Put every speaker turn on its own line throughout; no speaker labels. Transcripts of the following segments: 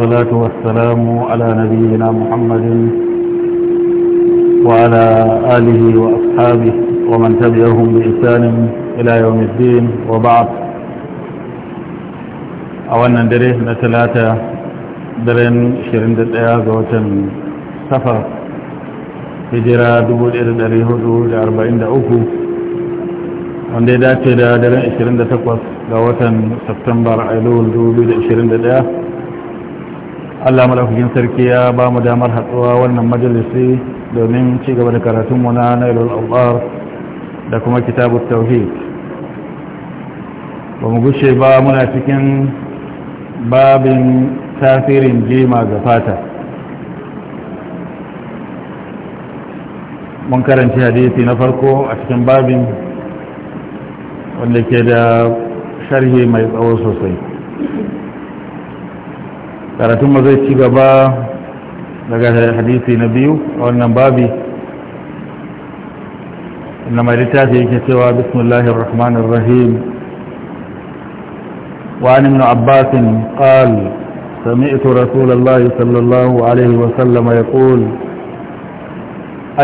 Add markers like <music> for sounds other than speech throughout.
والصلاة والسلام على نبينا محمد وعلى آله وأصحابه ومن تبعهم بإحسان إلى يوم الدين وبعد أولا دريه نتلاتة درين شرين دقيقة وتن سفر hijira 1443 wanda ya dace da daren 28 سبتمبر أيلول Septembar Ailul 2021 Allah malaukakin sarki ya ba mu damar hatsuwa wannan majalisi domin ci gaba da mu na nailul da kuma kitabut tauhid ba mu gushe ba muna cikin babin tasirin jima ga fata mun karanci hadisi na farko a cikin babin wanda ke da sharhi mai tsawo sosai karatun mazai ci gaba daga hadisi na biyu a wannan babi inda mai littafi yake cewa bismillahir rahmanir rahim wa an ibn abbas qal sami'tu rasulullahi sallallahu alaihi wa sallam yaqul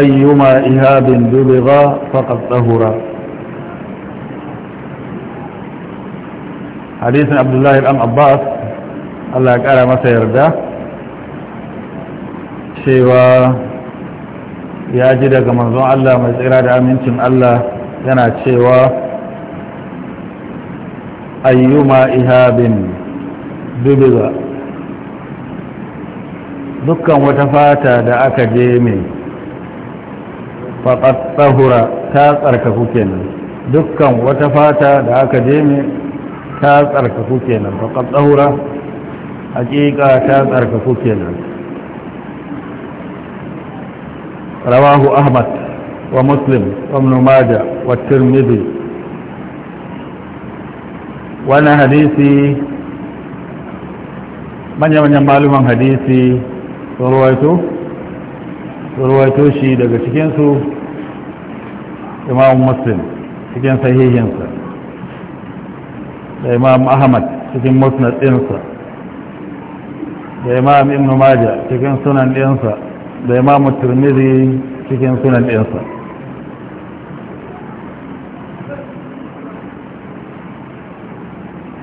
ayyuma ihabin dubigha faqad tahura hadisi abdullah الله abbas Allah ya ƙara masa yarda cewa ya ji daga manzon Allah mai tsira da amincin Allah yana cewa ayyuma ihabin dubiza dukkan wata fata da aka je mai faƙat tsahura ta tsarkaku kenan dukkan wata fata da aka je mai ta tsarkaku kenan faƙat tsahura Haƙiƙa ta tsarkaku kenan rawahu ahmad wa muslim wa ibn wa tirmidhi wannan hadisi manya-manyan maluman hadisi ruwaito ruwaito shi daga cikinsu imam muslim cikin sahihinsa da imam ahmad cikin musnad ɗinsa da imam ibn maja cikin sunan ɗinsa da imam turmizi cikin sunan ɗinsa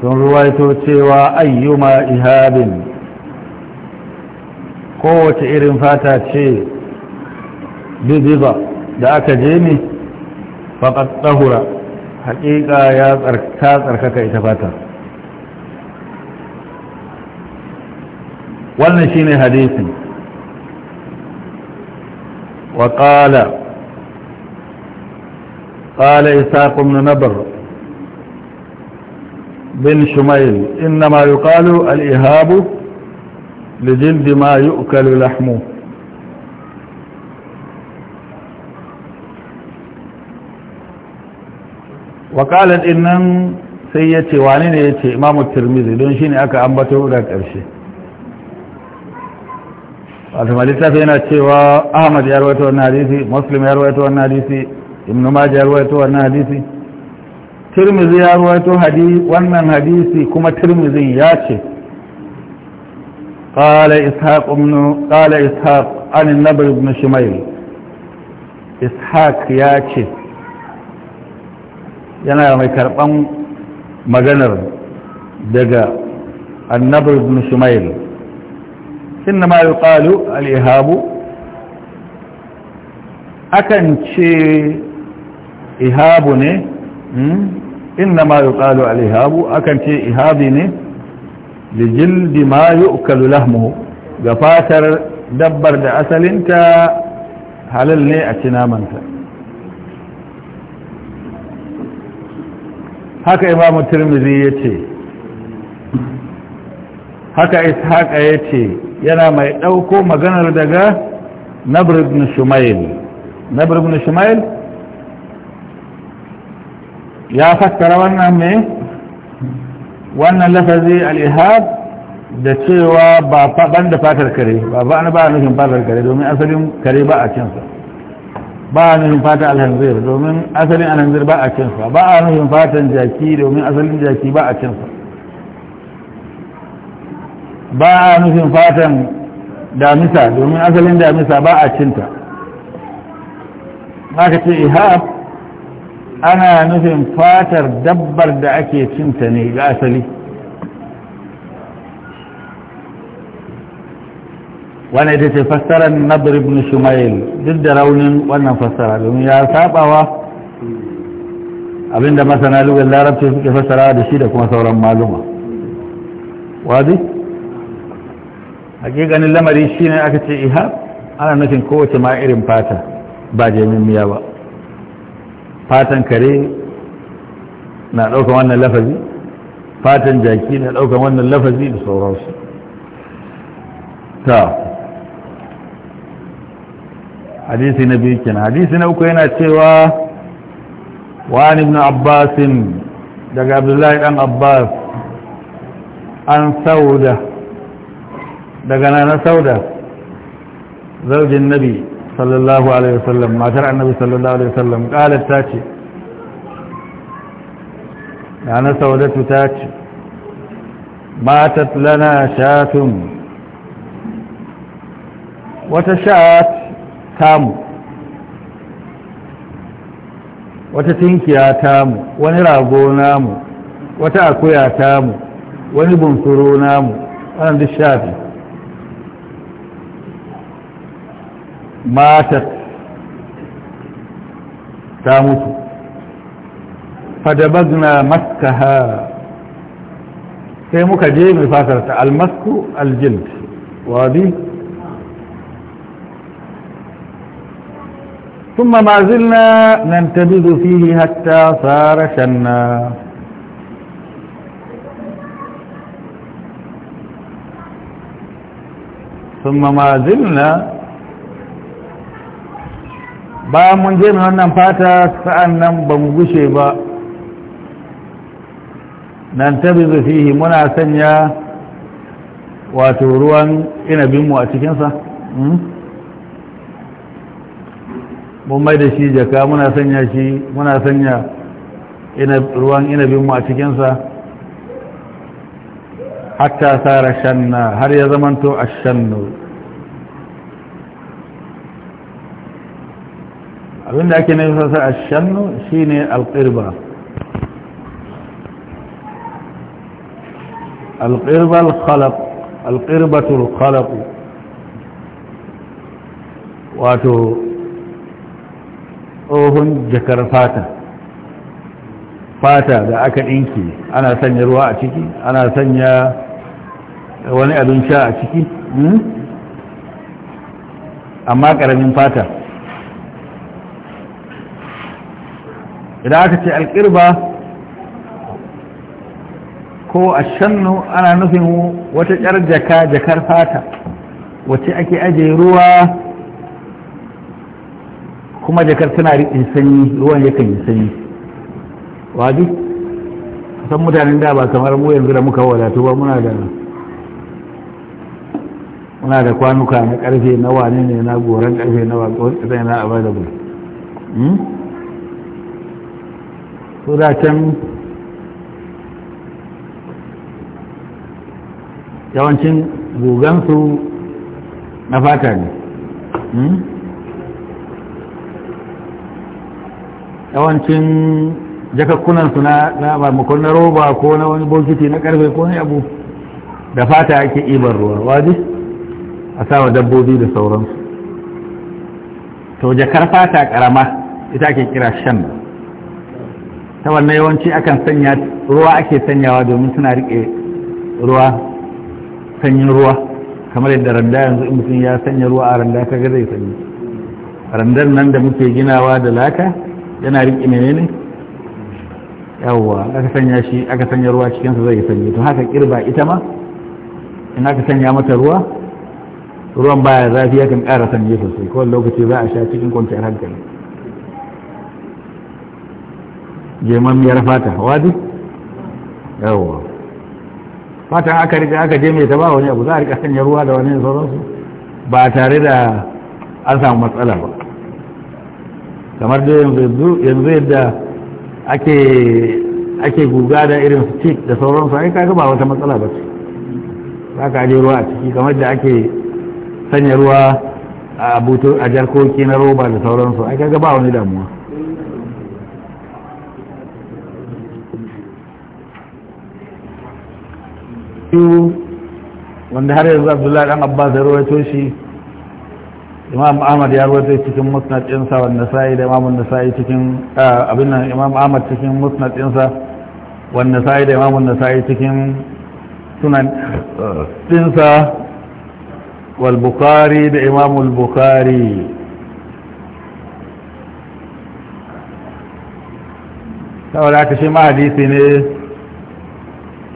sun ruwaito cewa ayyuma ihabin kowace irin fata ce bibiba da aka je ni, faƙaɗɗahura haƙiƙa ya tsarkaka ita fata wannan shine hadisin wa qala qala isaq ibn nabr bin shumayl inma yuqalu al-ihab لجلد ما يؤكل لحمه وقالت إنن sai ya ce wani ne ya ce imamu tirmizi don shi ne aka ambato da ƙarshe wato malittafi yana cewa ahmad ya rawaito wannan hadisi muslim ya rawaito wannan hadisi ibn majah ya rawaito wannan hadisi tirmizi ya rawaito hadisi wannan hadisi kuma tirmizin ya ce qala ishaq ibn qala ishaq an an-nabi ibn shimayl ishaq ya ce yana mai karban maganar daga annabi ibn shimayl inna ma yi ƙalu al’ihabu akan ce ihabu ne inna ma ihabi ne da jildi ma yi ƙalu lahmu ga fatar dabbar da asalinta halal ne a cinamanta haka imamu turmizi ya ce haka ya ce yana mai ɗauko maganar daga nabr ibn shumail nabr ibn shumail ya fassara wannan me wannan lafazi al'ihab da cewa ba faɗan da fatar kare ba ba ba a nufin fatar kare domin asalin kare ba a cinsa ba a nufin fata alhanzir domin asalin alhanzir ba a cinsa ba a nufin fatan jaki domin asalin jaki ba a cinsa ba a nufin fatan damisa domin asalin damisa ba a cinta ka ce ihab ana nufin fatar dabbar da ake cinta ne ga asali wani ita ce fassarar nabar ibn shumayil duk da raunin wannan fassara domin ya sabawa abinda masana lugar larabci suke fassara da shi da kuma sauran maluma wadi? hakikanin lamari shine aka ce ihab ana nufin kowace ma irin fata ba jami'a ba fatan kare na ɗaukan wannan lafazi fatan jaki na ɗaukan wannan lafazi da sauransu ta hadisi na biyu kenan hadisi na uku yana cewa wani na abbasin daga abdullahi dan abbas an sauda daga nana sauda zaujin nabi sallallahu alaihi wasallam matar annabi sallallahu alaihi wasallam qalat ta ce nana saudatu ta ce matat lana shatun wata shat tamu wata tinkiya tamu wani rago namu wata akuya tamu wani bunsuru namu wannan duk shafi ماتت تاموت فدبزنا مسكها سيموك جيب لفاسرة المسك الجلد وادي ثم ما زلنا ننتبذ فيه حتى صار شنا ثم ما زلنا bayan mun je wannan fata sa'an nan ba mu gushe ba nan ta fihi muna sanya wato ruwan inabinmu a cikinsa hmm? mun mai da shi jaka muna sanya shi muna sanya ruwan inabinmu a cikinsa hatta tsara shanna har ya zamanto a shannu abinda ake nufi sassa a shannu shine alƙirba alƙirba alƙalaf alƙirbatul ƙalaf wato tsohon jakar fata fata da aka ɗinki ana sanya ruwa a ciki ana sanya wani abin sha a ciki hmm? amma ƙaramin fata idan aka ce alƙirba ko a shannu ana nufin wata ƙyar jaka jakar fata wacce ake ajiye ruwa kuma jakar tana riƙin sanyi ruwan yakan yi sanyi wadi san mutanen da ba kamar mu yanzu da muka wadatu ba muna da muna da kwanuka na ƙarfe na wane ne na goron ƙarfe na wane ƙasai na abai da so yawancin gugansu na fata ne hmm? yawancin jakakkunansu na mamakon na roba ko na wani bokiti na karfe ko na abu da fata ake ibar ruwa waje a sawa dabbobi da sauransu to jakar fata karama ita ke kira shan ta wannan yawanci akan sanya ruwa ake sanyawa domin suna rike ruwa sanyin ruwa kamar yadda randa yanzu in mutum ya sanya ruwa a randa ka zai sanyi randar nan da muke ginawa da laka yana rike menene yawwa aka sanya shi aka sanya ruwa cikinsa zai sanyi to haka kirba ita ma in aka sanya mata ruwa ruwan baya zafi yakan ƙara sanyi sosai kowane lokaci za a sha cikin kwanciyar hankali jemamiyar fata wadi yawwa fatan aka rika aka je mai ta ba wani abu za a rika sanya ruwa da wani sauransu ba tare da an samu matsala ba kamar da yanzu yanzu yadda ake ake guga da irin cik da sauransu ai kaga ba wata matsala ba ce za ka je ruwa a ciki kamar da ake sanya ruwa a butu a jarkoki na roba da sauransu ai kaga ba wani damuwa biyu wanda har yanzu abdullahi dan abbas ya rawaito shi imam ahmad ya rawaito cikin musnad ɗinsa wanda sai da imam nasa'i cikin abin nan imam ahmad cikin musnad ɗinsa wanda sai da imam nasa'i cikin sunan ɗinsa wal bukhari da imam al bukhari saboda haka shi ma hadisi ne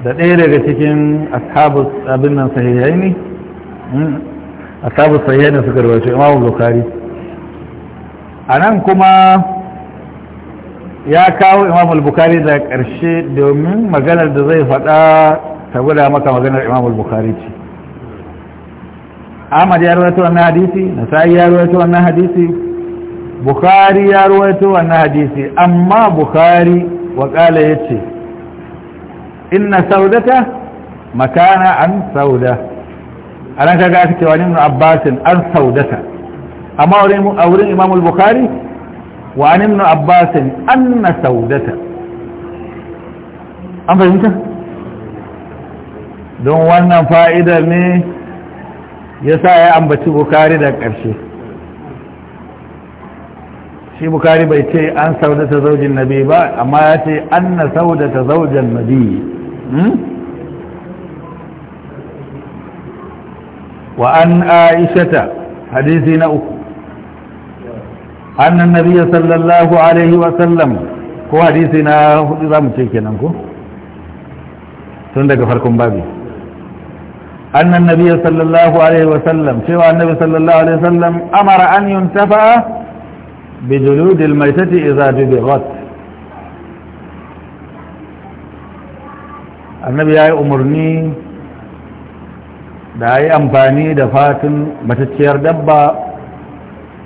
da ɗaya daga cikin ashabu abin nan sahihai ne hmm? ashabu sahihai ne suka rawaito imam bukari a nan kuma ya kawo imam bukari da ƙarshe domin maganar da zai faɗa ta guda maka maganar imam bukari ce ahmad ya rawaito wannan hadisi nasa'i ya rawaito wannan hadisi bukari ya rawaito wannan hadisi amma bukari ƙala ya ce inna saudata makana an sauda a nan kaga aka cewa ibn abbasin an saudata amma a wurin imam al-bukhari wa an ibn abbasin anna saudata an fahimta don wannan fa'idar ne ya sa ya ambaci bukari da ƙarshe shi bukari bai ce an saudata zaujin nabi ba amma ya ce an na saudata zaujin nabi وأن عائشة حديث نأخ أن النبي صلى الله عليه وسلم هو حديثنا إذا متشيكنا تندق فركم بابي أن النبي صلى الله عليه وسلم سوى النبي صلى الله عليه وسلم أمر أن ينتفع بجلود الميتة إذا جبرت annabi ya yi umarni da ya yi amfani da fatin matacciyar dabba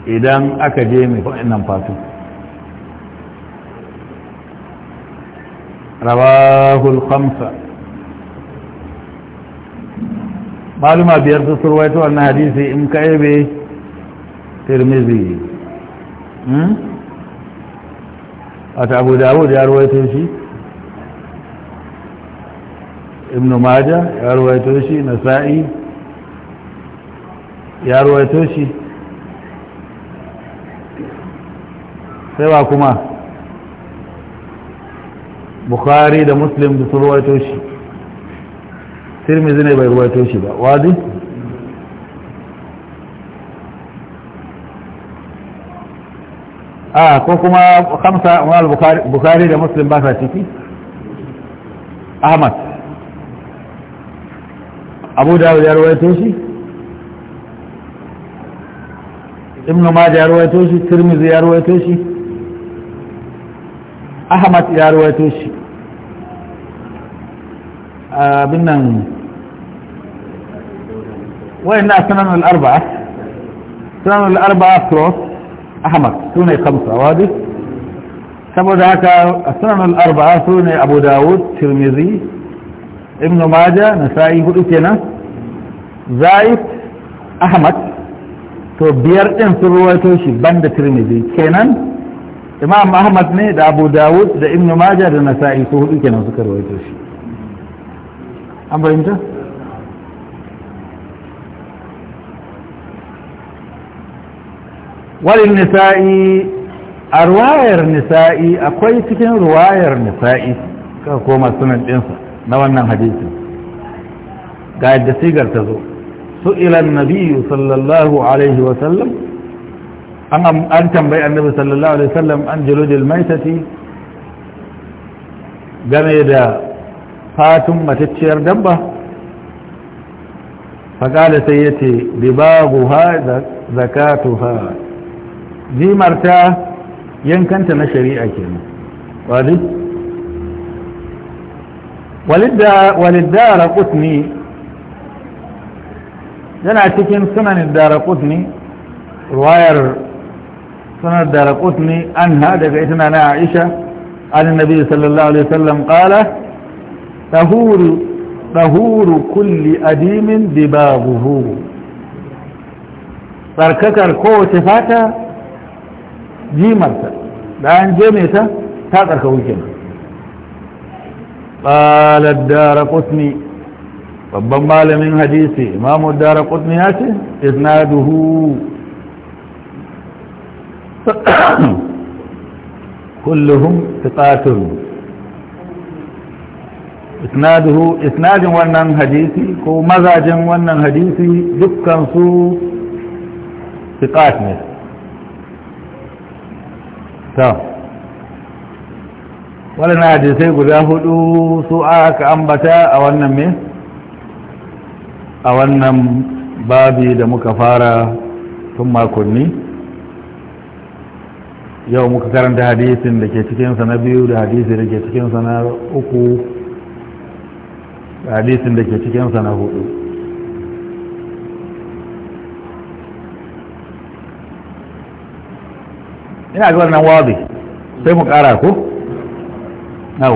idan aka je mai fa'inan fatin rawahul khamsa maluma biyar su surwaito wannan hadisi in ka yabe tirmizi hmm? a abu dawud ya ruwaito shi ibn maja ya ruwaito shi nasa'i ya ruwaito shi sai ba kuma bukhari da muslim da su ruwaito shi tirmizi ne bai ruwaito shi ba wadi a ko kuma kamsa bukhari da muslim ba sa ciki ahmad أبو داود يروي توشي ابن ماجه يروي توشي ترمذي يروي توشي أحمد يروي توشي آه، بنا وين سنن الأربعة سنن الأربعة كروس أحمد سوني خمسة وادي سبو داكا السنن الأربعة سوني أبو داود ترمذي ابن ماجه نسائي فلسطين zaid ahmad to biyar din sun ruwaito shi banda tirmidhi kenan imam ahmad ne da abu dawud da ibn majah da nasa'i su hudu kenan suka ruwaito shi an fahimta walin nisa'i a ruwayar nisa'i akwai cikin ruwayar nisa'i ka koma sunan ɗinsa na wannan hadisi ga yadda sigar ta zo سئل النبي صلى الله عليه وسلم أن تنبي النبي صلى الله عليه وسلم عن جلود الميتة جميد فاتم متتشير دبه فقال سيتي دباغها زكاتها دي مرتا ينكنت نشريئة كنا واضح وللدار قتني yana cikin sunanin darakutni ruwayar sunan darakutni an ha daga ita na aisha an nabi sallallahu alaihi wasallam qala tahuru tahuru kulli adimin dibabuhu tsarkakar kowace fata jimarta da an jeme ta ta tsarka wukin قال الدار قسمي babban malamin hadisi imamu dara kutni ya ce isnaduhu kulluhum tiqatun isnaduhu isnadin wannan hadisi ko mazajin wannan hadisi dukkan su tiqat ne ta wannan hadisai guda hudu su aka ambata a wannan mai a wannan babi da muka fara tun makonni yau muka karanta hadisin da ke cikinsa na biyu da hadisi da ke cikinsa na uku da hadisin da ke cikinsa na hudu ina ga wannan wabi sai mu kara ku Na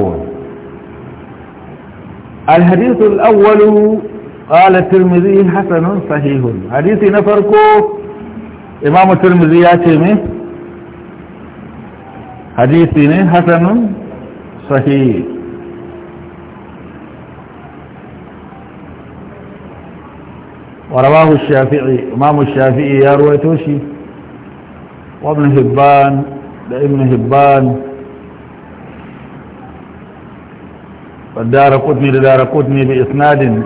al-hadithu al الأول قال الترمذي حسن صحيح حديثي نفركو إمام الترمذي ياتي حديثي حسن صحيح ورواه الشافعي امام الشافعي يا رويتوشي وابن هبان لابن هبان والدار قدني لدار قدني بإسناد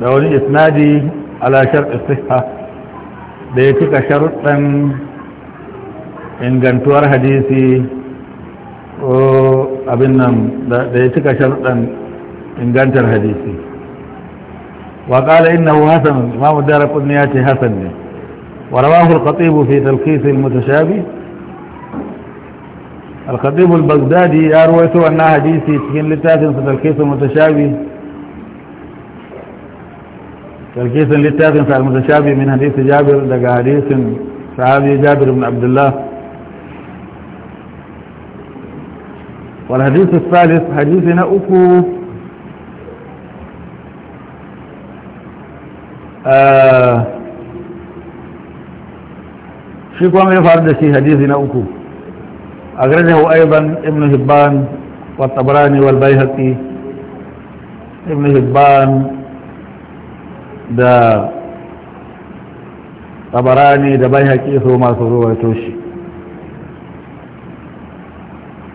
da wani isnadi ala sharɗi siha da ya cika sharuɗan ingantuwar hadisi ko abin nan da ya cika sharuɗan ingantar hadisi وقال إنه حسن إمام الدار قدنياتي حسن ورواه القطيب في تلخيص المتشابه الخطيب البغدادي يرويته أن حديثي تكين لتاثن في تلخيص المتشابه تلخيص للتاثم المتشابه من حديث جابر لقى حديث صحابي جابر بن عبد الله والحديث الثالث حديثنا أكو آه شيء كما في حديث حديثنا أكو أخرجه أيضا ابن هبان والطبراني والبيهقي ابن هبان da tabarani da bai haƙi su masu ruwa toshi,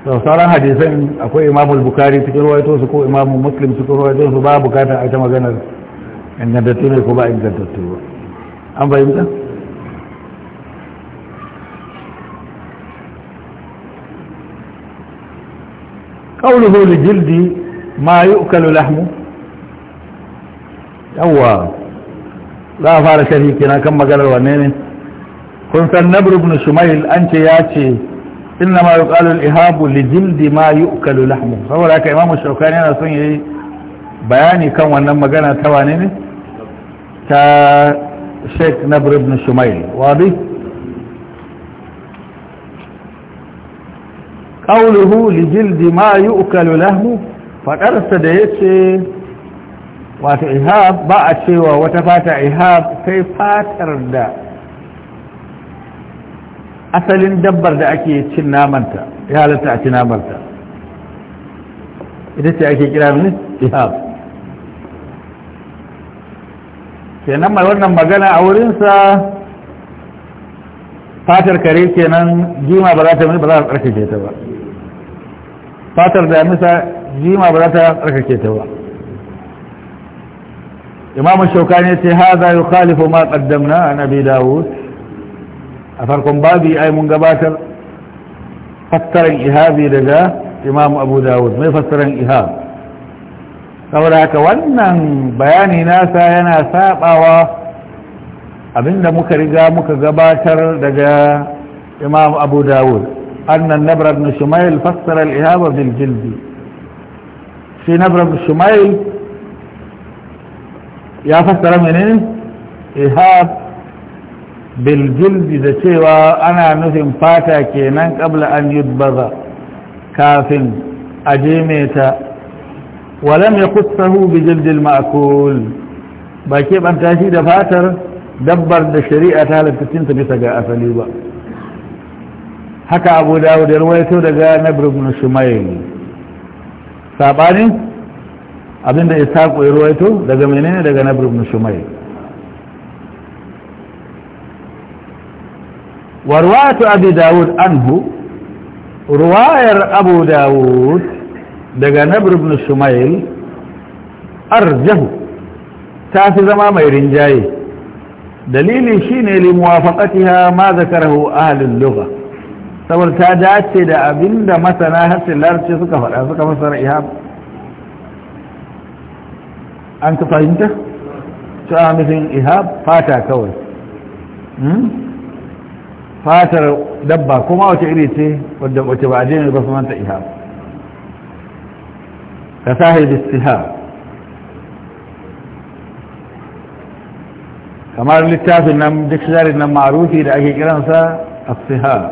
sau sauran hadisan akwai imamul bukari cikin ruwa toshi, ko imamul muslim cikin ruwa toshi, ba bukatar a ta maganar ingantattu ne ko ba ingantattu ba an fahimta jildi ma yi يؤكل lahmu yawwa za a fara sharhi kenan kan maganar wanne ne kun san nabr ibn Shumayil an ce ya ce inna ma yuqalu al-ihabu li jildi ma yu'kalu lahmu saboda haka imamu shaukani yana son yi bayani kan wannan magana ta wane ne ta Sheik nabr ibn Shumayil. wadi Ƙauluhu li jildi ma yu'kalu lahmu faɗarsa da ya ce. wato ihab ba a cewa wata fata ihab sai fatar da asalin dabbar da ake cin namanta ya halatta a cin namarta ita ce ake kira ne ihab kenan mai wannan magana a wurinsa fatar kare kenan jima ba za ta ba za a tsarkake ta ba fatar da misa jima ba za ta tsarkake ta ba إمام الشوكاني هذا يخالف ما قدمنا عن أبي داود أفرقم بابي أي منقباتر فتر إهابي لدى إمام أبو داود ما يفتر إهاب فوراك وانا بياني ناسا يناسا ساقا أبن مكرقا مكقباتر لدى إمام أبو داود أن النبرة بن شميل فتر الإهاب بالجلد في نبرة بن شميل ya fassara mene ihab bil da cewa ana nufin fata kenan kabla an baza kafin a ta walam ya bi jild al ma'akul ba ke banta shi da fatar dabbar da shari'a ta halattacin ta bisa ga asali ba haka abu dawo ya ruwaito daga nabr ibn sabanin abinda ishaq ya ruwaito daga menene daga nabir ibn shumay wa ruwayatu abi dawud anhu ruwayar abu dawud daga nabir ibn shumayl arjahu ta fi zama mai rinjaye dalili shine li muwafaqatiha ma zakarahu ahlul lugha saboda ta dace da abinda masana hasin larabci suka faɗa suka fassara ihab أنت فهمته طيب سؤال مثل إهاب فاتا كوي فاتا دبا كما وتعريتي وتبعدين البصمان إيهاب. فساهل باستهاب كما إن إنما دكشدار إنما معروفي لأكي كلام سا استهاب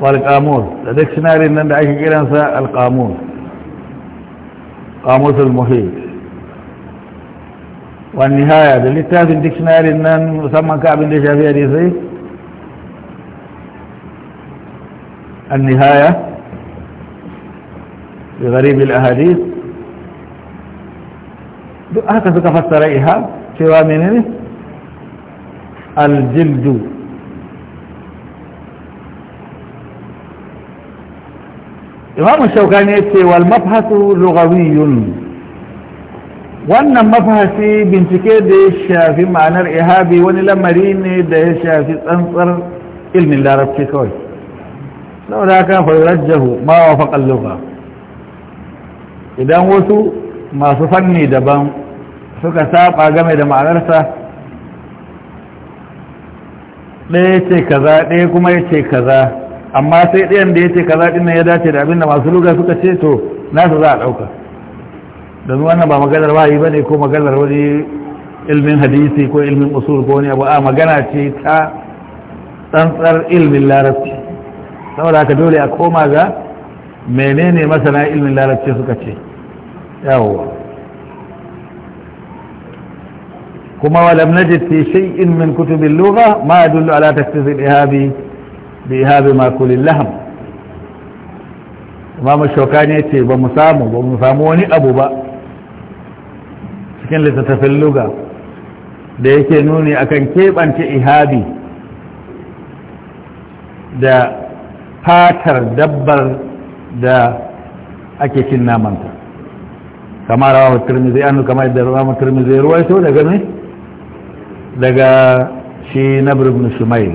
والقاموس لديك سنار إنما دكشدار إنما القاموس قاموس المحيط والنهاية للتاف الدكشنال النام ثم كعب الدشافية ريسي النهاية لغريب الأهاديث هكذا تفسر إيها سوى يعني؟ من الجلد إمام الشوكاني يقول لغوي والمبحث لغوي wannan mafahasi bincike da ya shafi ma'anar ihabi wani lamari ne da ya shafi tsantsar ilmin larabci kawai Sau aka haka fayyarajjahu ma wa faƙalluka idan wasu masu fanni daban suka saba game da ma'anarsa ɗaya ce kaza ɗaya kuma ya ce kaza amma sai ɗayan da ya ce kaza ɗin ya dace da abinda masu luga suka ce to nasa za a ɗauka domin wannan ba maganar wayi ba ne ko maganar wani ilmin hadisi ko ilmin usul ko wani abu a magana ce ta tsantsar ilmin larabci saboda haka dole a koma ga menene masana ilmin larabci suka ce yawo kuma lam najid fi shay'in min al lugha ma yadullu ala takhsis al-ihabi bi ihabi ma kulil lahm imamu ne ce ba mu samu ba mu samu wani abu ba cikin littattafin luga da yake nuni akan keɓance ihabi da fatar dabbar da ake cin namanta kama rawa turmizi an kama yadda rawa turmizi ruwaito daga ne daga shi nabir ibn shumail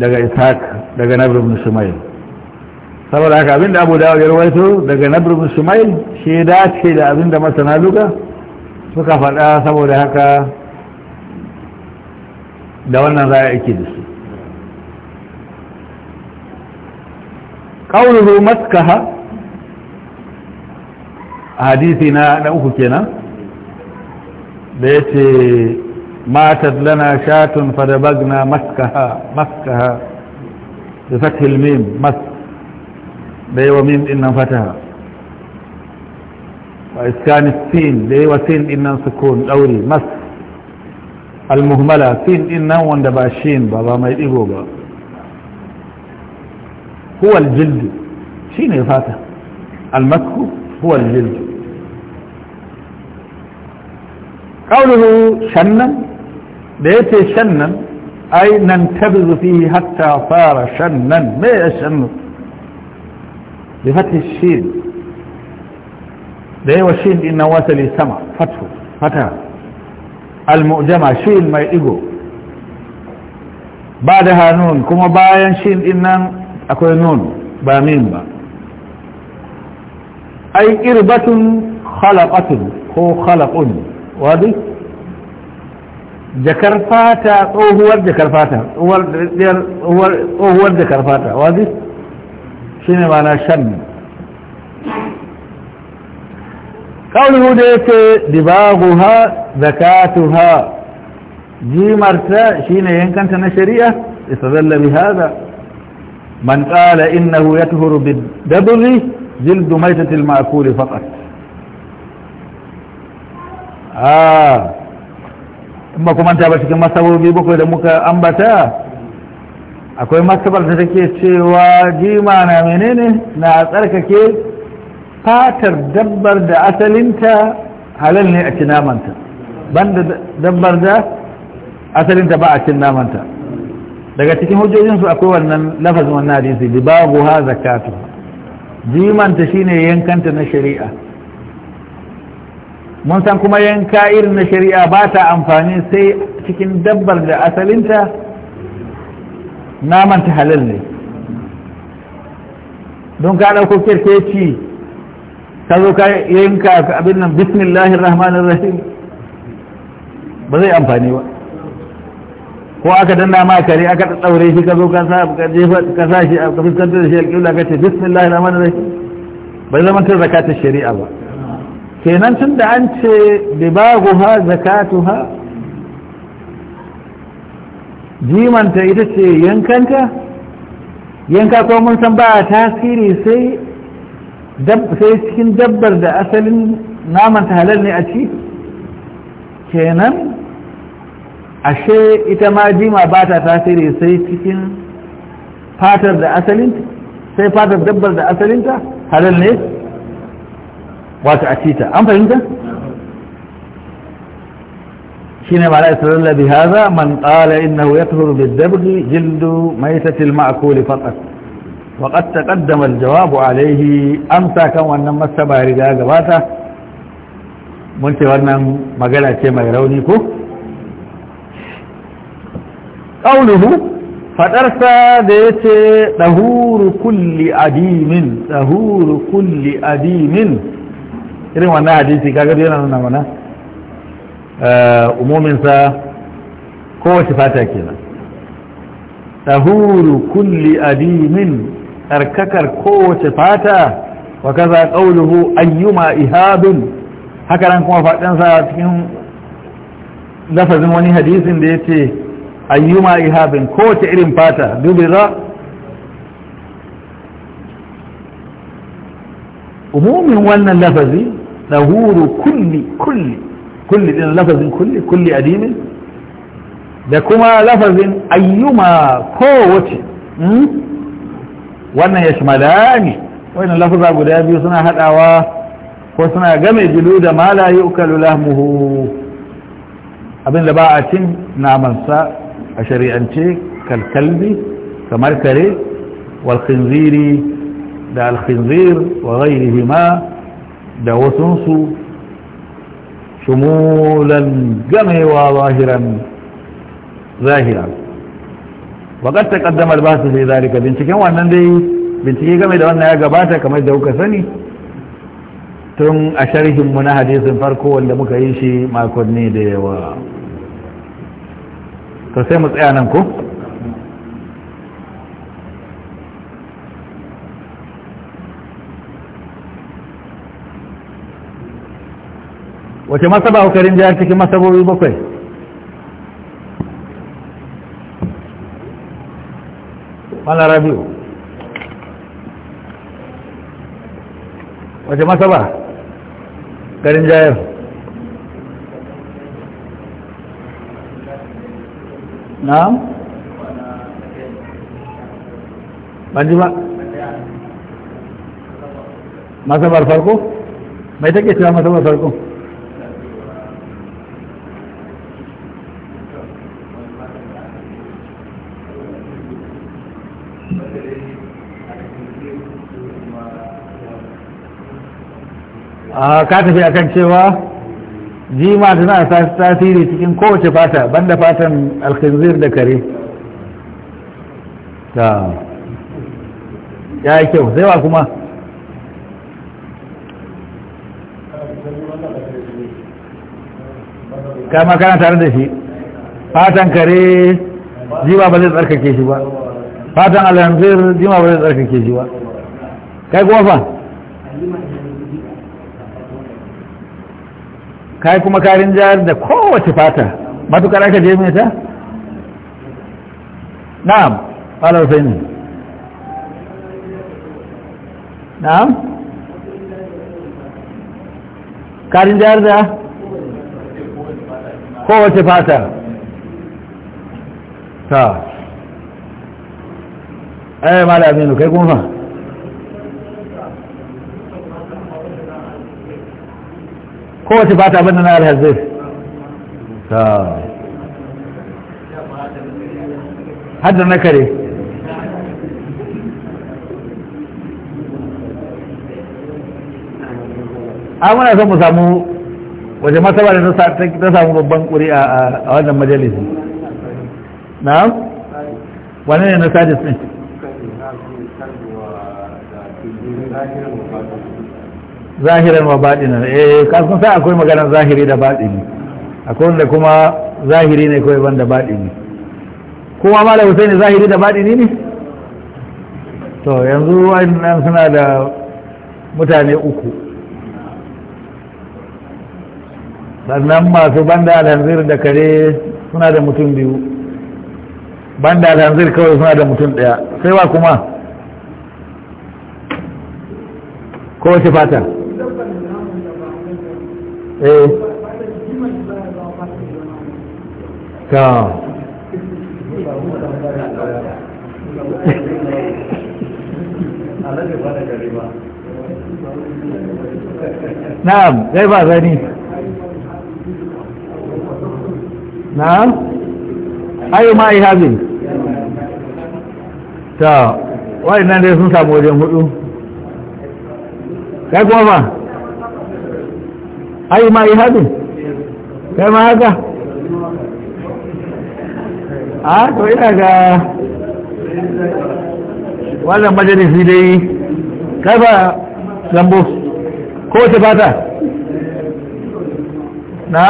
daga isaac daga nabir ibn shumail saboda haka abinda abu dawud ya rawaito daga na bin sumail shi ya dace da abinda masana luga suka faɗa saboda haka da wannan za a yake da su maska ha hadisi na na uku kenan da ya ce matar lana shatun fadabagna maska ha da fathil mim ليه وميم إن فتها وإسكان السين ليه وسين إن سكون أوري مس المهملة سين إن وندباشين بابا ما يقبوا بابا هو الجلد شين فاتح المسك هو الجلد قوله شنن ليه شنن أي ننتبذ فيه حتى صار شنن ما يشنن بفتح الشين ده والشين دي النواسة اللي سمع فتحه فتح المؤجمة شين ما يقو بعدها نون كما باين شين إنن أكو نون بامين با أي إربة خلقة هو خلق وادي ذكر فاتا هو ذكر فاتا هو هو ذكر فاتا واضح shi ne mana shan ne ƙauri ya ce dibagu ha zakatu ha jimarta shi ne yankanta na shari'a isa zalla bi haza man ƙala innahu ya tuhuru bi dabuli jildu maitatil ma'akuli faqat ah, a kuma kuma ta ba cikin masarobi bakwai da muka ambata akwai maktabar da take cewa jima na menene na tsarkake fatar dabbar da asalinta halal ne a cin namanta banda dabbar da asalinta ba a cin namanta daga cikin hujjojinsu akwai wannan lafazin wannan hadisi libabu ha zakatu jimanta shine yankanta na shari'a mun san kuma yanka irin na shari'a ba ta amfani sai cikin dabbar da asalinta naman ta halal ne don ka ɗauko kirkeci ka zo ka yanka abin nan bismillahir rahmanir rahim ba zai amfani ba ko aka danna ma kare aka daure shi ka zo ka sa ka jefa ka sa shi ka fuskantar da shi alƙibla ka ce bismillahir rahmanir rahim bai zama ta zakata shari'a ba kenan tun da an ce dibaguha zakatuha jimanta ita ce yankanta yanka ko mun san ba tasiri sai sai cikin dabbar da asalin namanta halal ne a ci kenan ashe ita ma jima ba ta tasiri sai cikin fatar da asalin sai fatar dabbar da asalinta halal ne wato a ci ta an fahimta shine ma la yastadalla bi hadha man qala innahu yakthuru bid-dabghi jildu maytati al-ma'kul faqat wa qad taqaddama al-jawab alayhi amsa kan wannan masaba riga gabata mun ce wannan magana ce mai rauni ko qawluhu fadarsa da yace dahuru kulli adimin dahuru kulli adimin irin wannan hadisi kaga yana nan mana umuminsa kowace fata kenan tahuru kulli adimin tsarkakar kowace fata wa kaza qauluhu ayyuma ihabin haka nan kuma fadansa cikin lafazin wani hadisin da yace ayyuma ihabin kowace irin fata dubira umumin wannan lafazi tahuru kulli kulli kulli din lafazin kulli kulli adimin da kuma lafazin ayyuma wace hmm? wannan ya shimala ne wannan lafaza guda biyu suna hadawa ko suna game jilu da malayi la lahmuhu abin da ba a cin namansa a shari'ance kalkalbi kamar kare walkhinziri da al khinzir wa ghayrihima da wasunsu shumulan gamewa zahiran zahira wakar ta kaddamar ba su zarika binciken wannan dai bincike game da wannan ya gabata kamar da kuka sani tun a mu na hadisin farko wanda muka yi shi makonni da yawa to sai mu tsaya nan ko? wace masaba hukarin jihar cikin masabobi bakwai wala rabi'u wace masaba garin jihar na'am ban ji ba masabar farko mai take cewa masabar farko ka tafi a kan cewa jima tana tasiri cikin kowace fata banda fatan alkhazir da kare ta ya yi kyau zai wa kuma kama kana tare da shi fatan kare jima ba zai tsarkake shi ba fatan alhanzir jima ba zai tsarkake shi ba kai kuma fa kai kuma karin jayar da kowace fata matukar aka je mai ta na'am falar sani na'am karin jayar da kowace fata ta da eh, Aminu kai kuma fa kowace ba ta bane na alhazir
hadda na kare
a muna son mu samu waje masaba da ta samu babban kuri a wannan majalisi na wane ne na sadis ne zahiran wa baɗinan eh kasan sai akwai maganar zahiri da baɗini akwai wanda kuma zahiri ne kawai banda baɗini kuma da husaini zahiri da baɗini ne to yanzu wannan suna da mutane uku sannan masu banda alhanzir da kare suna da mutum biyu banda alhanzir kawai suna da mutum ɗaya sai wa kuma kowace fata eh ta
na'am zai ba zani na'am
ayu ma yi hazin ta nan dai sun samu wajen hudu kai kuma ba ai ma ihadin kai ma haka a to ina ga wannan majalisi dai kai ba lambo ko ta fata
na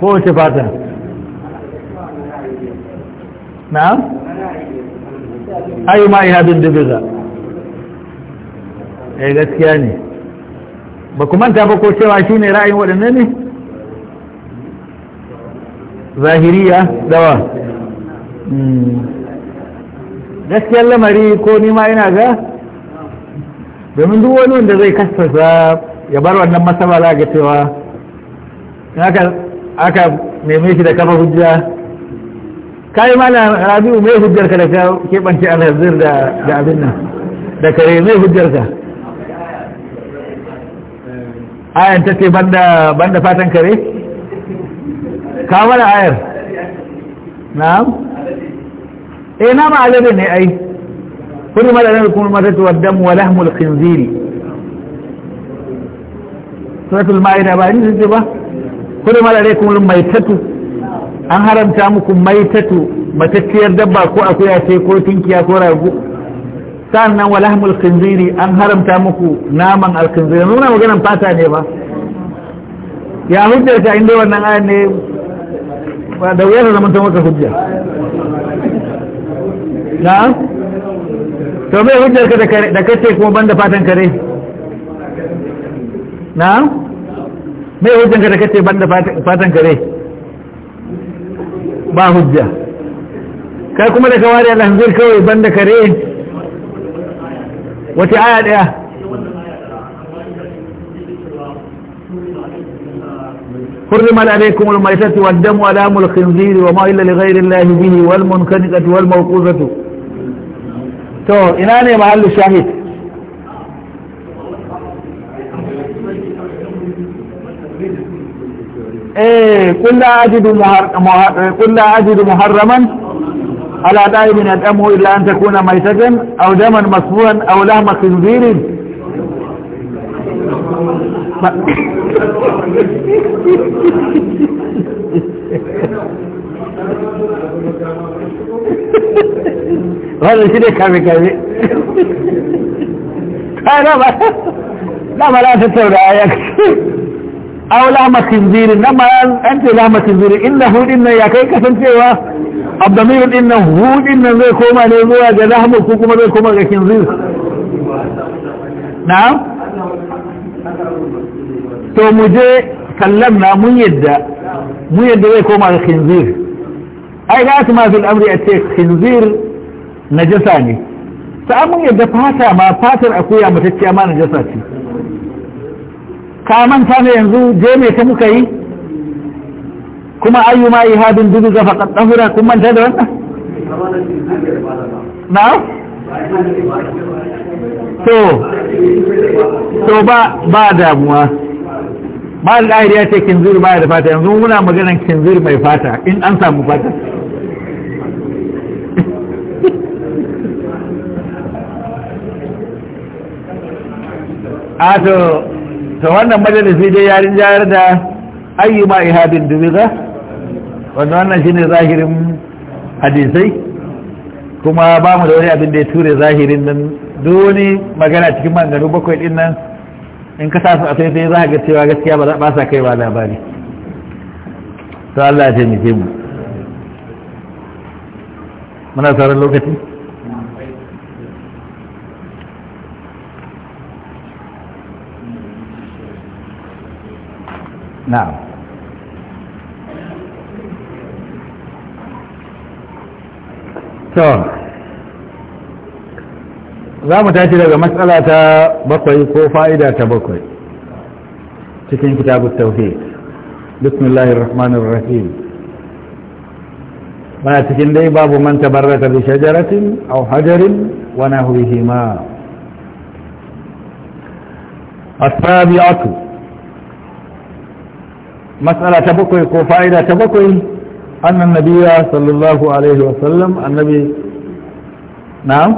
ko ta fata na ai ma
ihadin dubiza eh gaskiya ne ba ku manta ba ko cewa shi ne ra'ayin waɗanne ne zahiriya dawa hmm. gaskiyar lamari ko nima yana ga domin duk wani wanda zai kasfasa ya bar wannan masaba za ga cewa aka neme shi da kafa hujja kayi mana rabi'u mai hujjarka da ke keɓance alhazir da abin nan da kare mai hujjarka ayan ta ce banda banda fatan kare
ka mana ayar
na'am eh na ma alade ne ai kullu madan kun da wa dam wa lahmul khinziri suratul maida ba ni ce ba kullu madan kun maitatu an haramta muku maitatu matacciyar dabba ko akuya ce ko tinkiya ko rago sannan walahmul khinziri an haramta muku naman alkhinziri nuna maganan fata ne ba ya hujjar ta inda wannan ayan ne ba da wuyar zama ta maka hujja Na to mai hujjar ka da kace kuma banda fatan kare Na mai hujjar ka da kace banda fatan kare ba hujja kai kuma da kawari alhanzir kawai banda kare wace حرم عليكم الميتة والدم ولام الخنزير وما إلا لغير الله به والمنكنقة والموقوذة تو إنا ne محل الشاهد إيه، قل لا أجد محرما ألا دائما يدأمه إلا أن تكون ميتة أو دما مصفوعا أو لهم خنزير <laughs> هذا شيء كافي كافي لا ما لا ما لا تتولى آيك أو لهم خنزير نما أنت لهم خنزير إنه إنه يا كيكة سنتيوه abdamiru din nan hu din nan zai koma ne zuwa ga lahmu ko kuma zai koma ga kinzir
na'am to mu
je kallam na mun yadda mun yadda zai koma ga kinzir ai ga su ma fil ce kinzir najasa ne ta mun yadda fata ma fatar akuya matacciya ma najasa ce ka manta yanzu je me ta muka yi kuma ayyuma hadin dubu ga faƙar ɗahura kun manta da wannan?
na? to to ba
ba damuwa ba da ɗahiri ya ce kinzir ba da fata yanzu muna maganan kinzir mai fata in an samu fata a to wannan majalisi dai yarin jayar da ayyuma ihadin dubu wanda wannan shine zahirin hadisai kuma ba mu da wani abin da ya ture zahirin nan duk wani magana cikin maganganu bakwai din nan in ka tasu a faifai za a ga cewa gaskiya ba ba sa kaiwa labari to Allah ya taimake mu muna sauran lokaci Now. to za mu tashi daga matsala ta bakwai ko fa'ida ta bakwai cikin kitabun tauhid bismillahir rahmanir rahim mana cikin dai babu man tabarraka bi shajaratin aw hajarin wa nahwihima as-sabi'atu mas'ala ta bakwai ko fa'ida ta bakwai أن النبي صلى الله عليه وسلم النبي نعم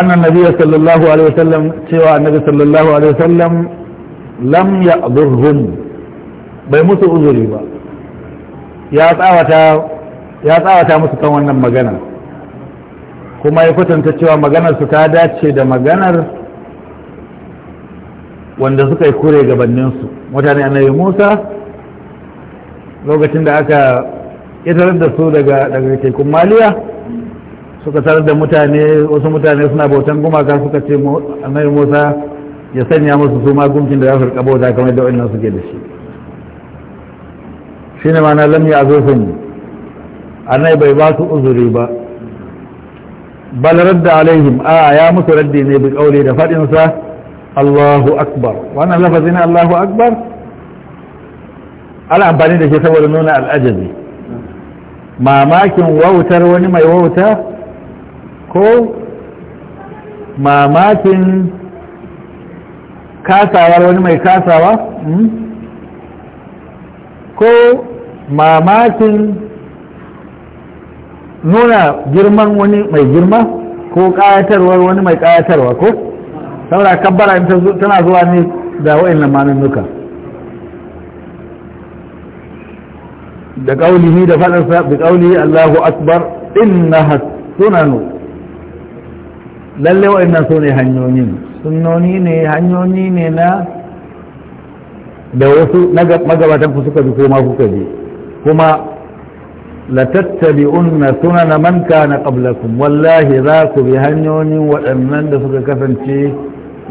أن النبي صلى الله عليه وسلم سوى النبي صلى الله عليه وسلم لم يأضرهم بيموت أذري با يا tsawata ya tsawata musu kan wannan magana kuma ya kwatanta cewa maganar su ta dace da maganar wanda suka yi kure gabaninsu mutane annabi Musa lokacin da aka ita da su daga daga tekun maliya suka tarar da mutane wasu mutane suna bautan gumaka suka ce annabi musa ya sanya musu su ma da za su rika bauta kamar da wannan suke da shi shine ma na lam ya zo sun annai bai ba su uzuri ba bal radda alaihim a ya musu raddi ne bi kauli da fadin sa Allahu akbar wannan lafazin Allahu akbar ana amfani da shi saboda nuna al'ajabi mamakin wautar wani mai wauta ko mamakin kasawar wani mai kasawa hmm? ko mamakin nuna girman wani mai girma ko kayatarwar wani mai kayatarwa ko saboda kabbara tana zuwa ne da wa'in lamanin nuka da ƙaunihi da faɗarsa da ƙaunihi Allahu Akbar in inna sunanu lalle wa'annan su ne hanyoyin Sunoni ne hanyoyi ne na da wasu magabatan ku suka bi ko ma kuka bi kuma latattabi'unna sunana man kana qablakum wallahi za ku bi hanyoyin waɗannan da suka kasance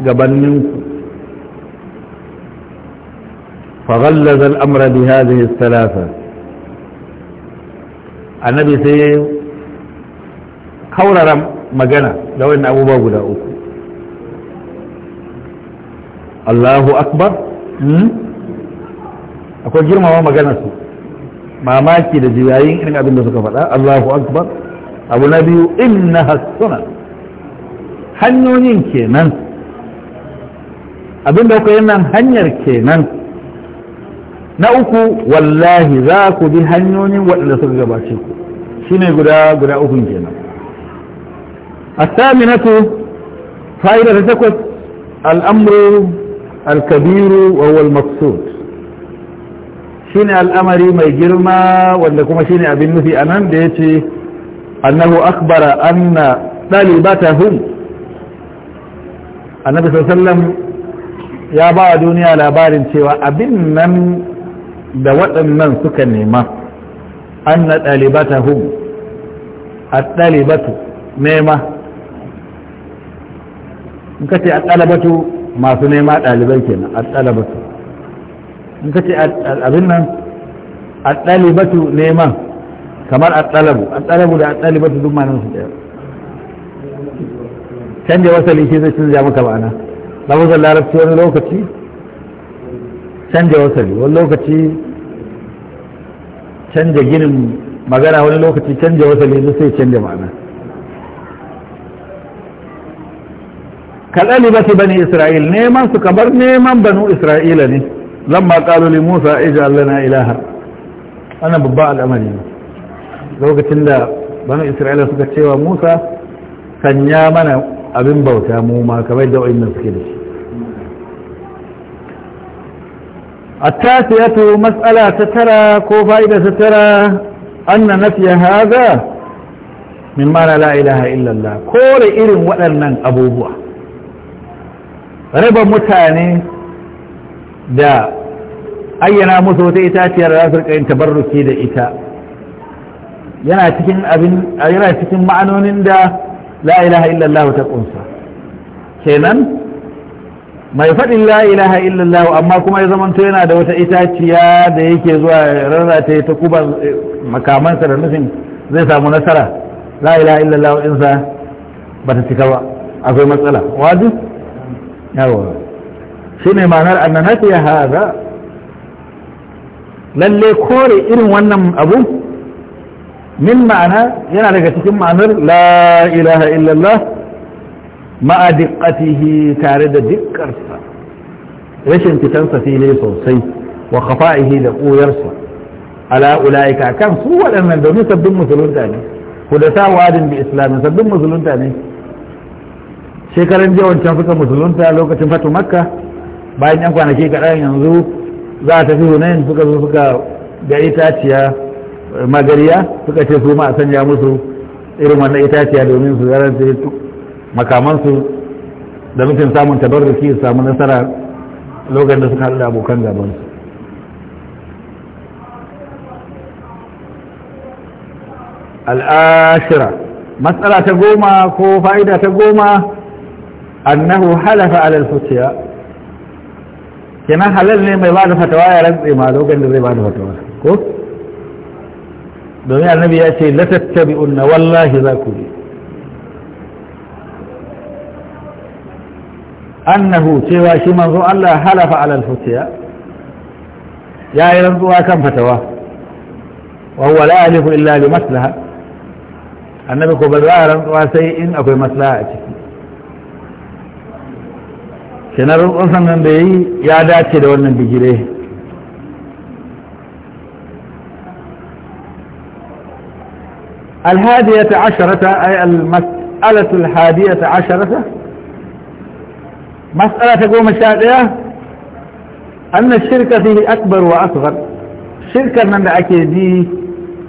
gabaninku فغلظ الأمر بهذه الثلاثة annabi sai kaurara magana da wani abubuwa guda uku allahu akbar hmm? akwai girmama magana su mamaki da jiyayin irin abin da suka faɗa allahu akbar abu na biyu inna hassuna hanyoyin kenan abin da kuka yi nan hanyar kenan na uku wallahi za ku bi hanyoyin waɗanda suka gabace ku ne guda guda ukun kenan Saminatu, fa'ida ta takwas al'amru al-kabiru wa huwa al Shi ne al'amari mai girma wanda kuma ne abin nufi anan da yace annahu akhbara anna dalibatahum annabi sallallahu ya ba wa duniya labarin cewa abin nan da waɗannan suka nema an na ɗalibata hun a ɗalibatu nema in ka ce a ɗalibatu masu nema ɗalibai kenan a ɗalibatu in ka ce abin nan a ɗalibatu nema kamar a ɗalibu a ɗalibu da a ɗalibatu duk manan su ɗaya canje wasali shi zai canja maka ba'ana lafazan larabci wani lokaci canja wasali wani lokaci canja ginin magana wani lokaci canja wasali ne sai canja ma'ana kalali ba su bani isra'il neman su kamar neman banu isra'ila ne zan ma kalu li musa ija allana ilaha wannan babba al'amari ne lokacin da banu isra'ila suka cewa musa sanya mana abin bauta mu ma kamar da wa'in suke da shi التاسية مسألة تترى كوفائدة تترى أن نفي هذا مما لا إله إلا الله كل إرم وأنن أبوه ربا متاني دا ayyana musu wata itaciyar da su yin tabarruki da ita yana cikin abin yana cikin ma'anonin da la ilaha illallah ta kunsa kenan mai faɗin la ilaha illallah amma kuma ya zamanto yana da wata itaciya da yake zuwa rarra ta kuba eh, makamansa da nufin zai samu nasara la ilaha illallah sa ba ta cika ba akwai matsala wadu yawa shi ne ma'anar annanati ya haza lalle kore irin wannan abu min ma'ana yana daga cikin ma'anar la ilaha illallah ma'a tare da dikkarsa rashin fitansa fili sosai wa khafa'ihi da ƙuyarsa ala ulaika kan su waɗannan domin sabbin musulunta ne ku da sa wadin bi islami sabbin musulunta ne shekaran jiya wancan suka musulunta lokacin fatu makka bayan yan kwanaki kaɗan yanzu za a tafi hunayin suka zo suka ga itaciya eh, magariya suka ce su ma a sanya musu irin wannan itaciya domin su zaranta makamansu da nufin samun tabarruki su samu nasara lokacin da suka haɗu da abokan gabansu al'ashira matsala ta goma ko fa'ida ta goma annahu halafa alal fusiya kenan halal ne mai ba da fatawa ya rantse ma lokacin da zai ba da fatawa ko domin annabi ya ce latattabi'unna wallahi za ku bi أنه سوى شي منظور ألا حلف على الفتية يا إلى منظورها كم فتواه وهو لا يألف إلا لمثلها النبي قبل ظاهر أنظرها سيء أكو مثلها أتكي سنرى أصلا من بي يا ذاتي دولنا بجريه الهادية عشرة أي المسألة الهادية عشرة matsala ta goma sha ɗaya annan shirka fi akbar wa asghar shirkar nan da ake ji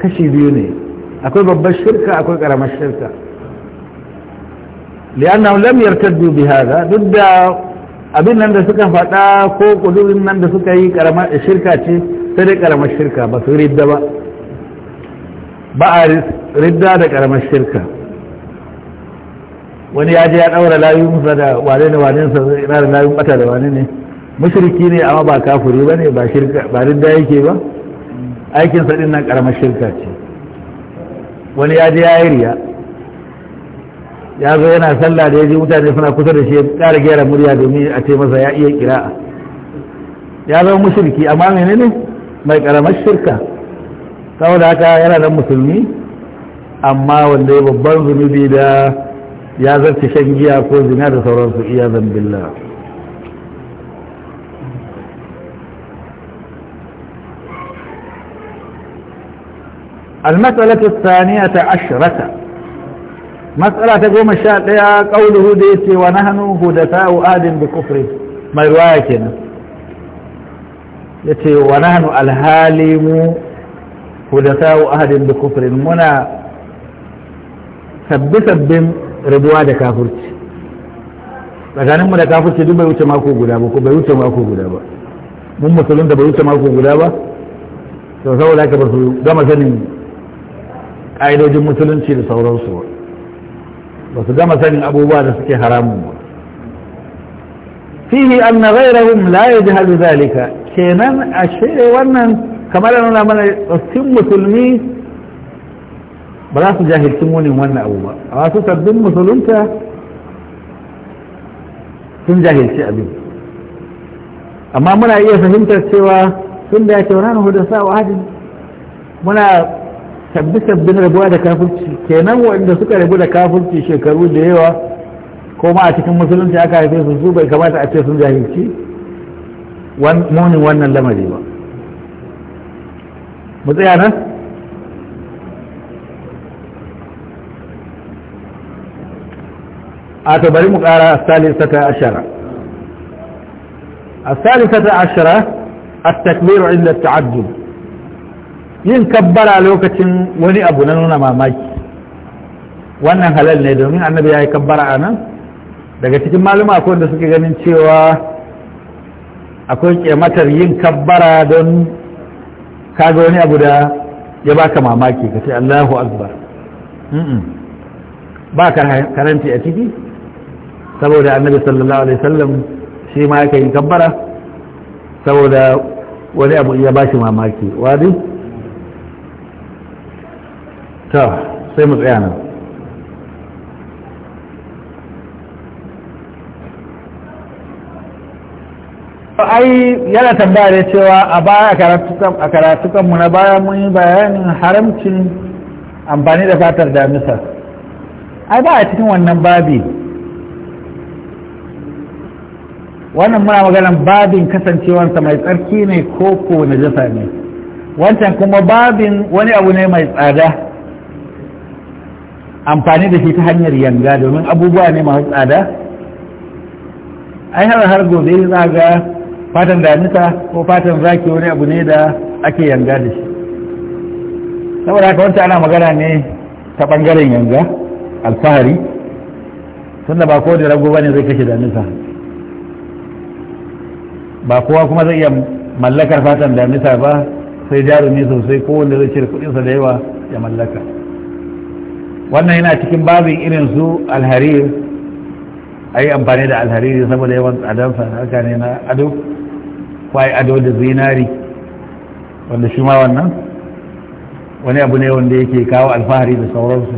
kashi biyu ne akwai babbar shirka akwai karamar shirka li'annahu lam yartaddu bi hadha duk da abin nan da suka faɗa ko kudurin nan da suka yi karamar shirka ce sai dai shirka ba su ridda ba ba a ridda da karamar shirka wani ya je ya daura layu musa da wane ne wane sa ina da layu bata da wane ne mushriki ne amma ba kafiri bane ba shirka ba da yake ba aikin sa din nan karamar shirka ce wani ya je ya yi riya ya zo yana sallah da yaji mutane suna kusa da shi ya ƙara gyara murya domin a ce masa ya iya kira'a ya zama mushriki amma menene mai karamar shirka saboda haka yana da musulmi amma wanda ya babban zunubi da يا zarta شنجي يا فوزي zina da عياذا بالله المسألة الثانية عشرة مسألة تقوم الشاطئة قوله ديتي ونهن هدفاء آدم بكفره ما روايتنا يتي ونهن الهالم هدفاء آدم بكفر منا سب rabuwa da kafirci tsakaninmu da kafirci duk bai wuce mako guda ba ko bai wuce mako guda ba mun musulun da bai wuce mako guda ba to saboda haka ba su gama sanin ƙa'idojin musulunci da sauransu ba ba su gama sanin abubuwa da suke haramun ba fihi anna ghayrahum la yajhalu zalika kenan ashe wannan kamar nuna mana tsin musulmi ba za su jahilci munin wannan abu ba A wasu sabbin musulunta sun jahilci abin amma muna iya fahimtar cewa sun da ya ce wani hudun sa wa muna sabbi sabbin rabuwa da kafirci kenan waɗanda suka rabu da kafirci shekaru da yawa ko ma a cikin musulunci aka haife su su bai kamata a ce sun jahilci munin wannan lamari ba mu tsaya nan a to bari mu ƙara asalisata ashara asalisata ashara astakbiru inda ta'ajjub yin kabbara lokacin wani abu na nuna mamaki wannan halal ne domin annabi ya yi kabbara a nan daga cikin maluma akwai da suke ganin cewa akwai kyamatar yin kabbara don kaga wani abu da ya baka mamaki ka ce Allahu Akbar ba karanti a ciki saboda annabi sallallahu alaihi wasallam shi ma yake kabbara saboda wani abu ya bashi mamaki wadi ta sai mu tsaya nan ai yana tambaya da cewa a baya a karatukanmu na baya mun yi bayanin haramcin amfani da fatar damisa ai ba a cikin wannan babi wannan muna maganan babin kasancewarsa mai tsarki ne ko ko jasa ne wancan kuma babin wani abu ne mai tsada amfani da shi ta hanyar yanga domin abubuwa ne masu tsada ai har har gobe za ga fatan damisa ko fatan zaki wani abu ne da ake yanga da shi saboda haka wancan ana magana ne ta bangaren yanga alfahari tunda ba ko da rago bane zai kashe damisa ba kowa kuma zai iya mallakar fatan damisa ba sai jarumi sosai ko wanda zai cire kudinsa da yawa ya mallaka wannan yana cikin babin irin su alharir a yi amfani da alharir saboda yawan tsadansa na haka ne na ado ko ado da zinari wanda shi ma wannan wani abu ne wanda yake kawo alfahari da sauransu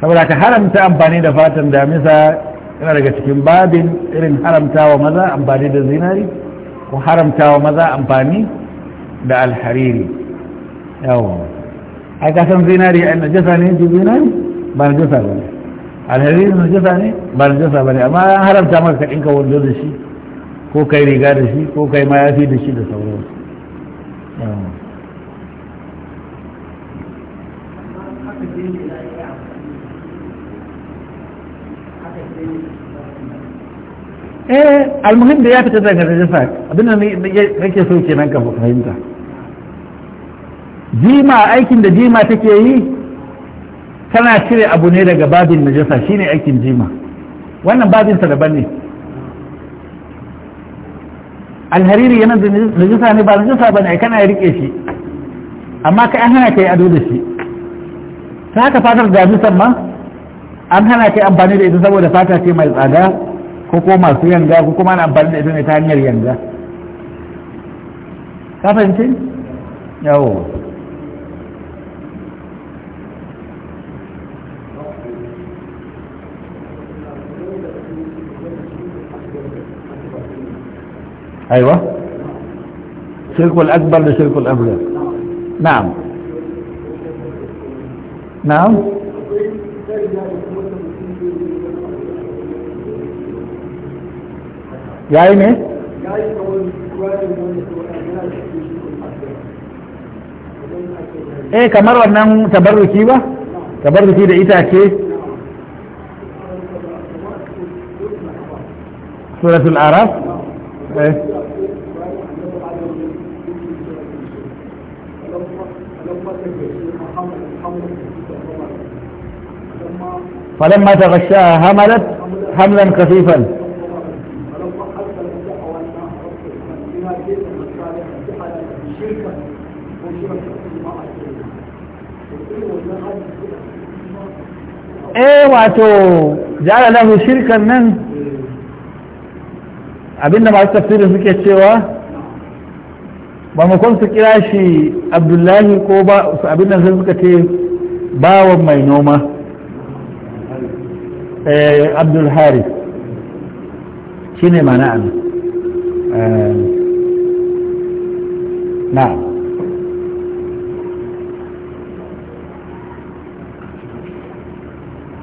saboda ka haramta amfani da fatan damisa yana daga cikin babin irin haramtawa maza amfani da zinari ko haramtawa maza amfani da alhariri yawon a kasan zinari a jasa ne ji zinari ba na jasa ba ne alhariri na jasa ne ba na jasa ba ne amma an haramta maka ka ɗinka wando da shi ko kai riga da shi ko kai mayafi da shi da
sauransu
eh almuhim da ya fita daga najasa abin da yake so ke nan ka fahimta jima aikin da jima take yi tana cire abu ne daga babin najasa shine aikin jima wannan babin sa daban ne alhariri yana da najasa ne ba najasa bane kana rike shi amma kai an hana kai ado da shi ta ka fatar da ma an hana kai amfani da ita saboda fata ce mai tsada ko ko masu yanga ko kuma ana amfani da ita ne ta hanyar yanga ka fahimci yawo أيوة شرك الأكبر لشرك الأبرار نعم
نعم ya yi ne eh kamar wannan tabarruki ba tabarruki da itace
suratul araf eh.
فلما تغشاها حملت حملا خفيفا
wato jara lahu shirkan nan abinda masu tafsirin suke cewa ba makon kira shi abdullahi ko ba su abinda sai suka ce bawan mai noma eh, abdul haris shi ne mana na